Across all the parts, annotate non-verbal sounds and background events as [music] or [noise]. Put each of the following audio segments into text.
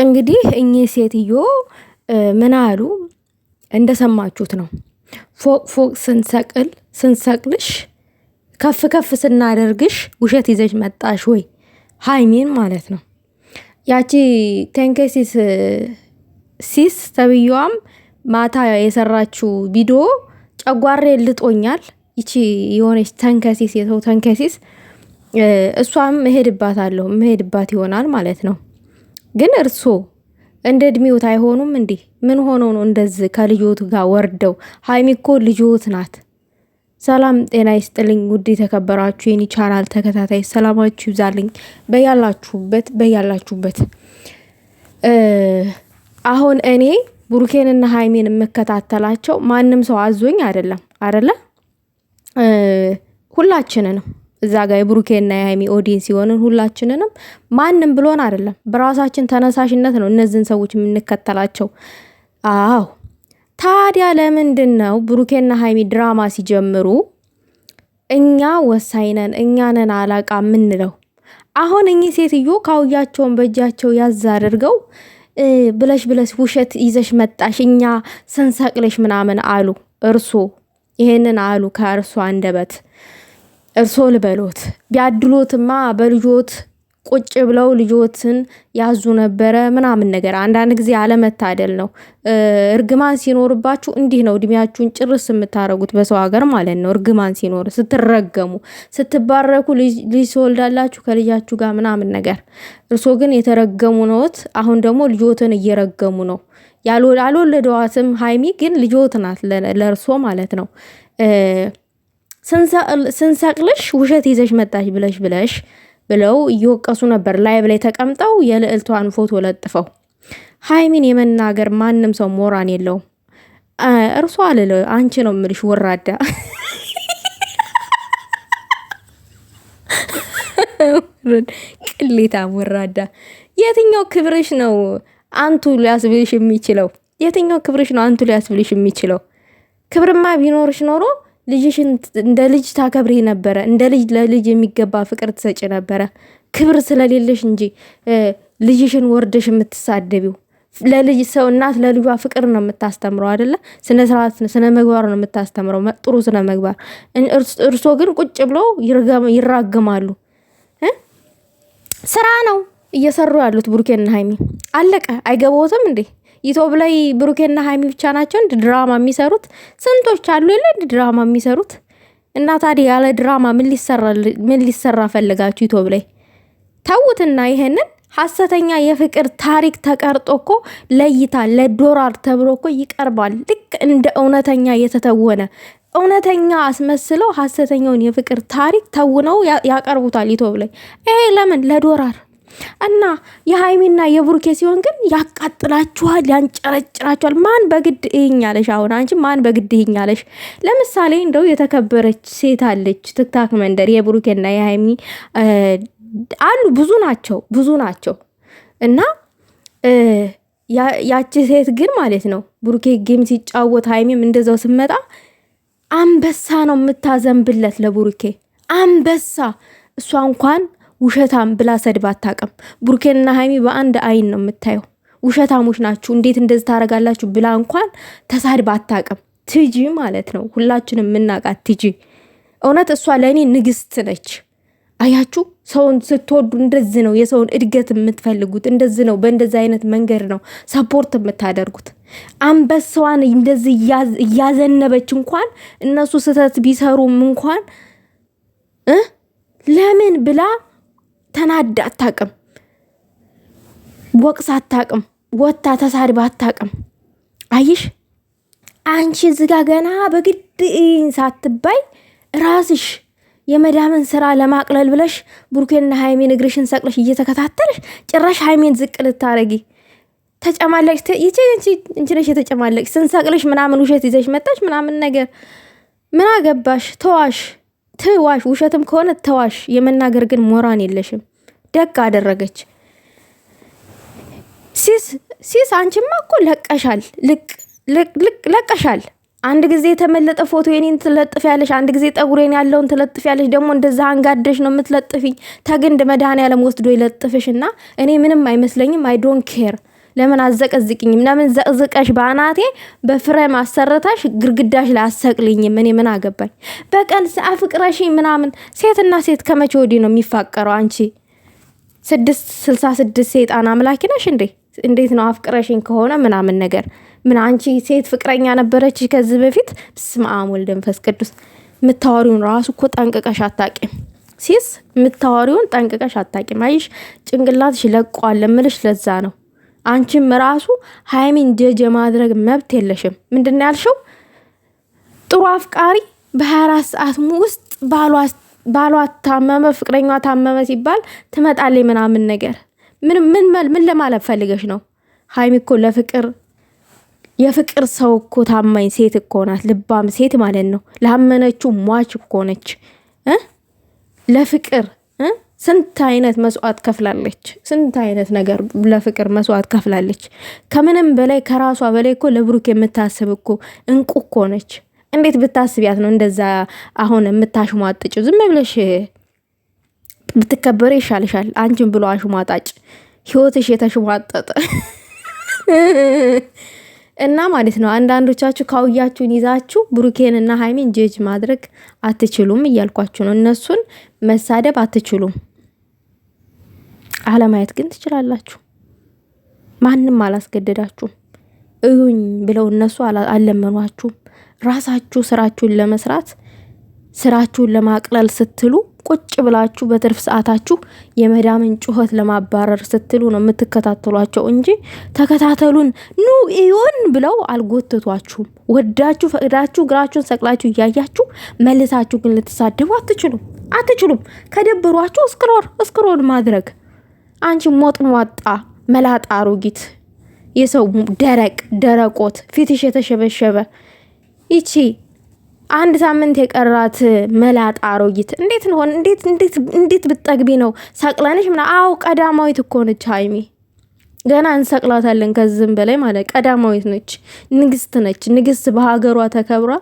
እንግዲህ እኚህ ሴትዮ ምን አሉ? እንደሰማችሁት ነው። ፎቅ ፎቅ ስንሰቅል ስንሰቅልሽ ከፍ ከፍ ስናደርግሽ ውሸት ይዘሽ መጣሽ ወይ? ሀይሜን ማለት ነው። ያቺ ቴንኬሲስ ሲስ ተብዬዋም ማታ የሰራችው ቪዲዮ ጨጓሬ ልጦኛል። ይቺ የሆነች ተንከሲስ የሰው ተንከሲስ እሷም እሄድባታለሁ መሄድባት ይሆናል ማለት ነው። ግን እርሶ እንደ እድሜዎት አይሆኑም እንዴ? ምን ሆነው ነው እንደዚህ ከልጆት ጋር ወርደው? ሀይሚ እኮ ልጆት ናት። ሰላም ጤና ይስጥልኝ። ውድ የተከበራችሁ የኒ ቻናል ተከታታይ ሰላማችሁ ይብዛልኝ በያላችሁበት በያላችሁበት። አሁን እኔ ብሩኬንና ሀይሜን የምከታተላቸው ማንም ሰው አዞኝ አይደለም ሁላችን ነው እዛ ጋር የብሩኬና የሃይሚ ኦዲን ሲሆንን ሁላችንንም ማንም ብሎን አይደለም፣ በራሳችን ተነሳሽነት ነው እነዚህን ሰዎች የምንከተላቸው። አዎ ታዲያ ለምንድን ነው ብሩኬና ሃይሚ ድራማ ሲጀምሩ እኛ ወሳኝ ነን፣ እኛ ነን አላቃ የምንለው? አሁን እኚህ ሴትዮ ካውያቸውን በእጃቸው ያዝ አድርገው ብለሽ ብለሽ ውሸት ይዘሽ መጣሽ፣ እኛ ስንሰቅለሽ ምናምን አሉ። እርሶ ይሄንን አሉ ከእርሶ አንደበት እርሶ ልበሎት ቢያድሎትማ በልጆት ቁጭ ብለው ልጆትን ያዙ ነበረ ምናምን ነገር። አንዳንድ ጊዜ አለመታደል ነው። እርግማን ሲኖርባችሁ እንዲህ ነው እድሜያችሁን ጭርስ የምታረጉት በሰው ሀገር ማለት ነው። እርግማን ሲኖር ስትረገሙ፣ ስትባረኩ፣ ልጅ ሲወልዳላችሁ ከልጃችሁ ጋር ምናምን ነገር። እርሶ ግን የተረገሙ ነዎት። አሁን ደግሞ ልጆትን እየረገሙ ነው። ያልወለደዋትም ሀይሚ ግን ልጆት ናት ለእርሶ ማለት ነው። ስንሰቅልሽ ውሸት ይዘሽ መጣሽ ብለሽ ብለሽ ብለው እየወቀሱ ነበር። ላይብ ላይ ተቀምጠው የልዕልቷን ፎቶ ለጥፈው ሀይሚን የመናገር ማንም ሰው ሞራን የለው። እርሷ አልል አንቺ ነው የምልሽ ወራዳ ቅሌታም ወራዳ። የትኛው ክብርሽ ነው አንቱ ሊያስብልሽ የሚችለው? የትኛው ክብርሽ ነው አንቱ ሊያስብልሽ የሚችለው? ክብርማ ቢኖርሽ ኖሮ ልጅሽን እንደ ልጅ ታከብሪ ነበረ። እንደ ልጅ ለልጅ የሚገባ ፍቅር ትሰጭ ነበረ። ክብር ስለሌለሽ እንጂ ልጅሽን ወርደሽ የምትሳደቢው ለልጅ ሰው እናት ለልጇ ፍቅር ነው የምታስተምረው አይደለ? ስነ ስርዓት ስነ ምግባር ነው የምታስተምረው፣ ጥሩ ስነ መግባር። እርሶ ግን ቁጭ ብሎ ይራግማሉ። ስራ ነው እየሰሩ ያሉት ብሩኬና ሀይሚ። አለቀ። አይገባዎትም እንዴ? ዩቲዩብ ላይ ብሩኬና ሀይሚ ብቻ ናቸው እንድ ድራማ የሚሰሩት? ስንቶች አሉ የለ እንድ ድራማ የሚሰሩት? እና ታዲያ ያለ ድራማ ምን ሊሰራ ፈልጋችሁ ዩቲዩብ ላይ ተውትና ይሄንን ሀሰተኛ የፍቅር ታሪክ ተቀርጦ እኮ ለይታ ለዶራር ተብሎ እኮ ይቀርባል። ልክ እንደ እውነተኛ የተተወነ እውነተኛ አስመስለው ሀሰተኛውን የፍቅር ታሪክ ተውነው ያቀርቡታል ዩቲዩብ ላይ። ይሄ ለምን ለዶራር እና የሀይሚና የቡርኬ ሲሆን ግን ያቃጥላችኋል፣ ያንጨረጭራችኋል። ማን በግድ ይሄኛለሽ? አሁን አንቺ ማን በግድ ይሄኛለሽ? ለምሳሌ እንደው የተከበረች ሴት አለች ትክታክ መንደር የቡርኬና የሀይሚ አሉ። ብዙ ናቸው፣ ብዙ ናቸው እና ያቺ ሴት ግን ማለት ነው ቡርኬ ጌም ሲጫወት ሀይሚም እንደዛው ስመጣ አንበሳ ነው የምታዘንብለት ለቡርኬ አንበሳ እሷ እንኳን ውሸታም ብላ ሰድብ አታቅም። ቡርኬንና ሀይሚ በአንድ አይን ነው የምታየው። ውሸታሞች ናችሁ እንዴት እንደዚህ ታደርጋላችሁ ብላ እንኳን ተሳድብ አታቅም። ትጂ ማለት ነው ሁላችንም የምናውቃት ትጂ። እውነት እሷ ለእኔ ንግስት ነች። አያችሁ ሰውን ስትወዱ እንደዚህ ነው የሰውን እድገት የምትፈልጉት። እንደዚህ ነው በእንደዚህ አይነት መንገድ ነው ሰፖርት የምታደርጉት። አንበሳዋን እንደዚህ እያዘነበች እንኳን እነሱ ስህተት ቢሰሩም እንኳን ለምን ብላ ተናዳ አታቅም፣ ወቅስ አታቅም፣ ወታ ተሳድባ አታቅም። አይሽ አንቺ ዝጋ ገና በግድ ሳትባይ ራስሽ የመዳምን ስራ ለማቅለል ብለሽ ብሩኬና ሃይሜን እግርሽን ሰቅለሽ እየተከታተለሽ ጭራሽ ሃይሜን ዝቅ ልታረጊ ተጨማለቅሽ። እንችነሽ የተጨማለቅሽ ስንሰቅልሽ ምናምን ውሸት ይዘሽ መጣሽ ምናምን ነገር ምን አገባሽ? ተዋሽ፣ ትዋሽ። ውሸትም ከሆነ ተዋሽ። የመናገር ግን ሞራን የለሽም። ደግ አደረገች። ሲስ አንቺማ እኮ ለቀሻል፣ ለቀሻል። አንድ ጊዜ የተመለጠ ፎቶ የኔን ትለጥፍ ያለሽ፣ አንድ ጊዜ ጠጉሬን ያለውን ትለጥፍ ያለሽ። ደግሞ እንደዛ አንጋደሽ ነው የምትለጥፊኝ። ተግንድ መድኃኒዓለም ወስዶ ይለጥፍሽ እና እኔ ምንም አይመስለኝም። አይ ዶን ኬር ለምን አዘቀዝቅኝም? ለምን ዘቅዝቀሽ በአናቴ በፍሬም አሰርተሽ ግርግዳሽ ላይ አሰቅልኝም? እኔ ምን አገባኝ? በቀን አፍቅረሽ ምናምን። ሴትና ሴት ከመቼ ወዲህ ነው የሚፋቀረው? አንቺ ስድስት ስልሳ ስድስት ሴጣን አምላኪ ነሽ እንዴ? እንዴት ነው አፍቅረሽኝ ከሆነ ምናምን ነገር ምን አንቺ ሴት ፍቅረኛ ነበረች ከዚህ በፊት? በስመ አብ ወልድ ቅዱስ። ምታወሪውን ራሱ እኮ ጠንቅቀሽ አታቂም። ሲስ ምታወሪውን ጠንቅቀሽ አታቂም። አይሽ ጭንቅላትሽ ለቋል ምልሽ። ለዛ ነው። አንቺም ራሱ ሀይሚን ጀጀ ማድረግ መብት የለሽም። ምንድን ነው ያልሽው? ጥሩ አፍቃሪ በ24 ሰዓት ውስጥ ባሏስ ባሏ ታመመ፣ ፍቅረኛ ታመመ ሲባል ትመጣለች ምናምን ነገር ምን ምን ለማለት ፈልገሽ ነው? ሀይሚ እኮ ለፍቅር የፍቅር ሰው እኮ ታማኝ ሴት እኮ ናት። ልባም ሴት ማለት ነው። ላመነችው ሟች እኮ ነች። ለፍቅር ስንት አይነት መስዋዕት ከፍላለች። ስንት አይነት ነገር ለፍቅር መስዋዕት ከፍላለች። ከምንም በላይ ከራሷ በላይ እኮ ለብሩክ የምታስብ እኮ እንቁ እኮ ነች። እንዴት ብታስቢያት ነው እንደዛ አሁን የምታሽሟጥጭው? ዝም ብለሽ ብትከበረ ይሻልሻል። አንቺን ብሎ አሽሟጣጭ ህይወትሽ የተሽሟጠጠ [laughs] እና ማለት ነው። አንዳንዶቻችሁ ካውያችሁን ይዛችሁ ብሩኬንና ሀይሜን ጀጅ ማድረግ አትችሉም እያልኳችሁ ነው። እነሱን መሳደብ አትችሉም፣ አለማየት ግን ትችላላችሁ። ማንም አላስገደዳችሁም። እዩኝ ብለው እነሱ አለመኗችሁም። ራሳችሁ ስራችሁን ለመስራት ስራችሁን ለማቅለል ስትሉ ቁጭ ብላችሁ በትርፍ ሰዓታችሁ የመዳምን ጩኸት ለማባረር ስትሉ ነው የምትከታተሏቸው እንጂ ተከታተሉን ኑ ይሆን ብለው አልጎትቷችሁም። ወዳችሁ ፈቅዳችሁ እግራችሁን ሰቅላችሁ እያያችሁ መልሳችሁ ግን ልትሳደቡ አትችሉም አትችሉም። ከደብሯችሁ እስክሮር እስክሮር ማድረግ አንቺ ሞጥሟጣ መላጣ አሮጊት የሰው ደረቅ ደረቆት ፊትሽ የተሸበሸበ ይቺ አንድ ሳምንት የቀራት መላጣ አሮጊት እንዴት እንሆን? እንዴት እንዴት እንዴት ብትጠግቢ ነው ሰቅለንሽ ምና? አዎ ቀዳማዊት እኮ ነች ሀይሚ። ገና እንሰቅላታለን ከዚህም በላይ ማለት ቀዳማዊት ነች፣ ንግስት ነች። ንግስት በሀገሯ ተከብሯ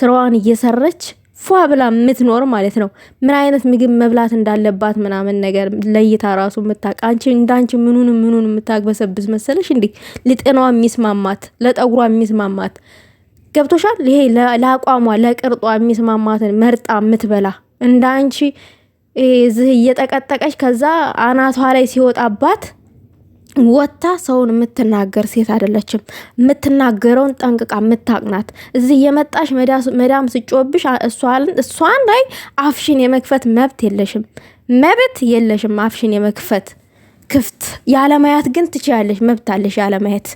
ስራዋን እየሰረች ፏ ብላ የምትኖር ማለት ነው። ምን አይነት ምግብ መብላት እንዳለባት ምናምን ነገር ለይታ ራሱ የምታውቅ አንቺ እንዳንቺ ምኑን ምኑን የምታግበሰብስ መሰለሽ እንዴ? ለጤናዋ የሚስማማት ለጠጉሯ የሚስማማት ገብቶሻል። ይሄ ለአቋሟ ለቅርጧ የሚስማማትን መርጣ የምትበላ እንደ አንቺ እዚህ እየጠቀጠቀች ከዛ አናቷ ላይ ሲወጣባት ወታ ሰውን የምትናገር ሴት አይደለችም። የምትናገረውን ጠንቅቃ የምታቅናት እዚህ የመጣሽ መዳም ስጮብሽ እሷን ላይ አፍሽን የመክፈት መብት የለሽም፣ መብት የለሽም አፍሽን የመክፈት ክፍት ያለማየት ግን ትችያለሽ፣ መብት አለሽ ያለማየት።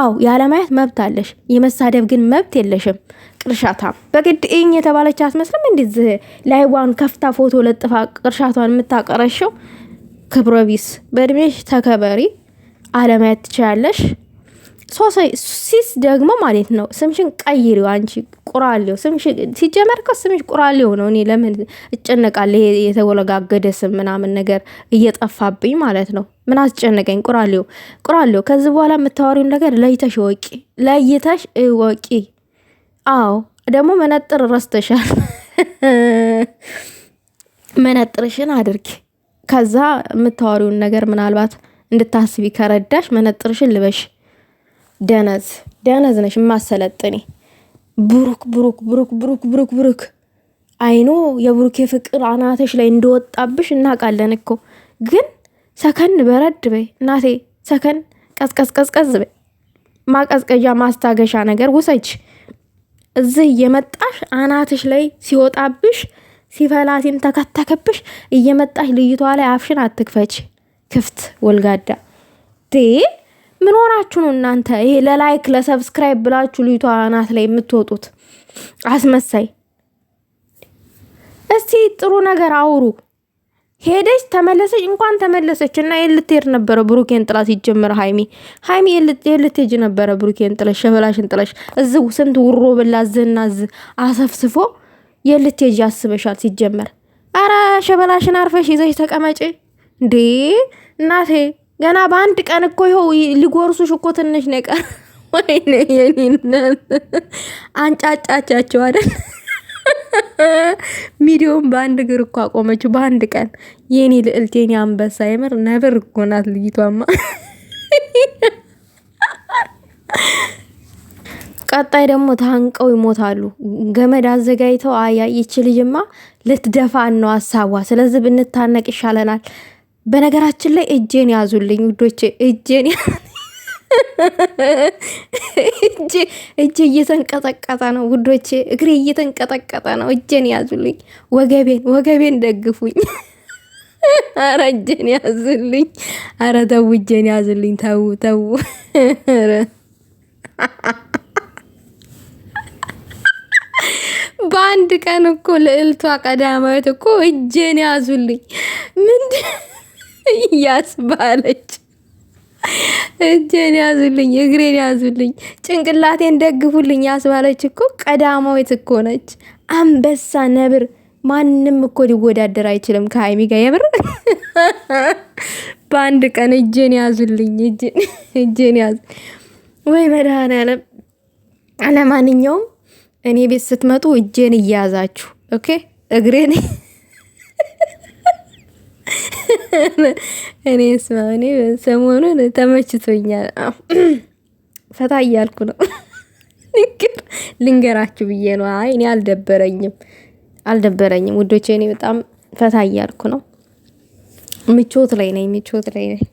አዎ ያለማየት መብት አለሽ፣ የመሳደብ ግን መብት የለሽም። ቅርሻታ በግድ እኝ የተባለች አትመስልም። እንደዚህ ላይዋን ከፍታ ፎቶ ለጥፋ ቅርሻቷን የምታቀረሸው ክብረ ቢስ። በእድሜሽ ተከበሪ፣ አለማየት ትችያለሽ። ሶሲስ ደግሞ ማለት ነው ስምሽን ቀይሪው አንቺ ቁራሌው ስምሽ ሲጀመር እኮ ስምሽ ቁራሌው ነው። እኔ ለምን እጨነቃለሁ? ይሄ የተወለጋገደ ስም ምናምን ነገር እየጠፋብኝ ማለት ነው። ምን አስጨነቀኝ? ቁራሌው ቁራሌው። ከዚህ በኋላ የምታወሪውን ነገር ለይተሽ እወቂ፣ ለይተሽ እወቂ። አዎ ደግሞ መነጥር ረስተሻል። [laughs] መነጥርሽን አድርጊ። ከዛ የምታወሪውን ነገር ምናልባት እንድታስቢ ከረዳሽ መነጥርሽን ልበሽ። ደነዝ ደነዝ ነሽ፣ የማሰለጥኔ ብሩክ ብሩክ ብሩክ ብሩክ ብሩክ ብሩክ አይኖ የብሩክ የፍቅር አናተሽ ላይ እንደወጣብሽ እናውቃለን እኮ ግን ሰከን በረድ በይ እናቴ፣ ሰከን ቀዝቀዝቀዝቀዝ በይ። ማቀዝቀዣ ማስታገሻ ነገር ውሰች። እዚህ እየመጣሽ አናትሽ ላይ ሲወጣብሽ ሲፈላ ሲንተከተከብሽ እየመጣሽ ልይቷ ላይ አፍሽን አትክፈች። ክፍት ወልጋዳ ዴ ምን ሆናችሁ ነው እናንተ? ይሄ ለላይክ ለሰብስክራይብ ብላችሁ ልዩቷ አናት ላይ የምትወጡት አስመሳይ። እስቲ ጥሩ ነገር አውሩ። ሄደች ተመለሰች፣ እንኳን ተመለሰች እና የልትሄድ ነበረ ብሩኬን ጥላ። ሲጀመር ሀይሚ ሀይሚ የልትሄጅ ነበረ ብሩኬን ጥለሽ ሸበላሽን ጥለሽ እዚ ስንት ውሮ ብላ ዝና ዝ አሰፍስፎ የልትሄጅ ያስበሻል። ሲጀመር አረ ሸበላሽን አርፈሽ ይዘሽ ተቀመጪ እንዴ እናቴ። ገና በአንድ ቀን እኮ ይኸው ሊጎርሱሽ እኮ ትንሽ ነው [laughs] ወይኔ የኔነት አንጫጫቻቸው አይደል? [laughs] ሚዲዮም በአንድ እግር እኮ አቆመችው በአንድ ቀን። የኔ ልዕልት፣ የኔ አንበሳ፣ የምር ነብር እኮ ናት ልጅቷማ። [laughs] ቀጣይ ደግሞ ታንቀው ይሞታሉ። ገመድ አዘጋጅተው አያ ይች ልጅማ ልትደፋን ነው ሀሳቧ። ስለዚህ ብንታነቅ ይሻለናል። በነገራችን ላይ እጄን ያዙልኝ ውዶቼ፣ እጄን እጄ እየተንቀጠቀጠ ነው ውዶቼ፣ እግሬ እየተንቀጠቀጠ ነው። እጄን ያዙልኝ፣ ወገቤን ወገቤን ደግፉኝ። አረ እጄን ያዙልኝ፣ አረ ተው፣ እጄን ያዙልኝ፣ ተው ተው። በአንድ ቀን እኮ ልዕልቷ ቀዳማዊት እኮ እጄን ያዙልኝ ምንድን እያስባለች እጄን ያዙልኝ፣ እግሬን ያዙልኝ፣ ጭንቅላቴን ደግፉልኝ ያስባለች እኮ ቀዳማዊት እኮ ነች። አንበሳ ነብር፣ ማንም እኮ ሊወዳደር አይችልም ከሀይሚ ጋር የምር። በአንድ ቀን እጄን ያዙልኝ፣ እጄን ያዙ ወይ መድኃኔዓለም። ለማንኛውም እኔ ቤት ስትመጡ እጄን እያያዛችሁ ኦኬ፣ እግሬን እኔ ስማ እኔ ሰሞኑን ተመችቶኛል፣ ፈታ እያልኩ ነው። ንግር ልንገራችሁ ብዬ ነው። አይ እኔ አልደበረኝም አልደበረኝም ውዶቼ፣ እኔ በጣም ፈታ እያልኩ ነው። ምቾት ላይ ነኝ፣ ምቾት ላይ ነኝ።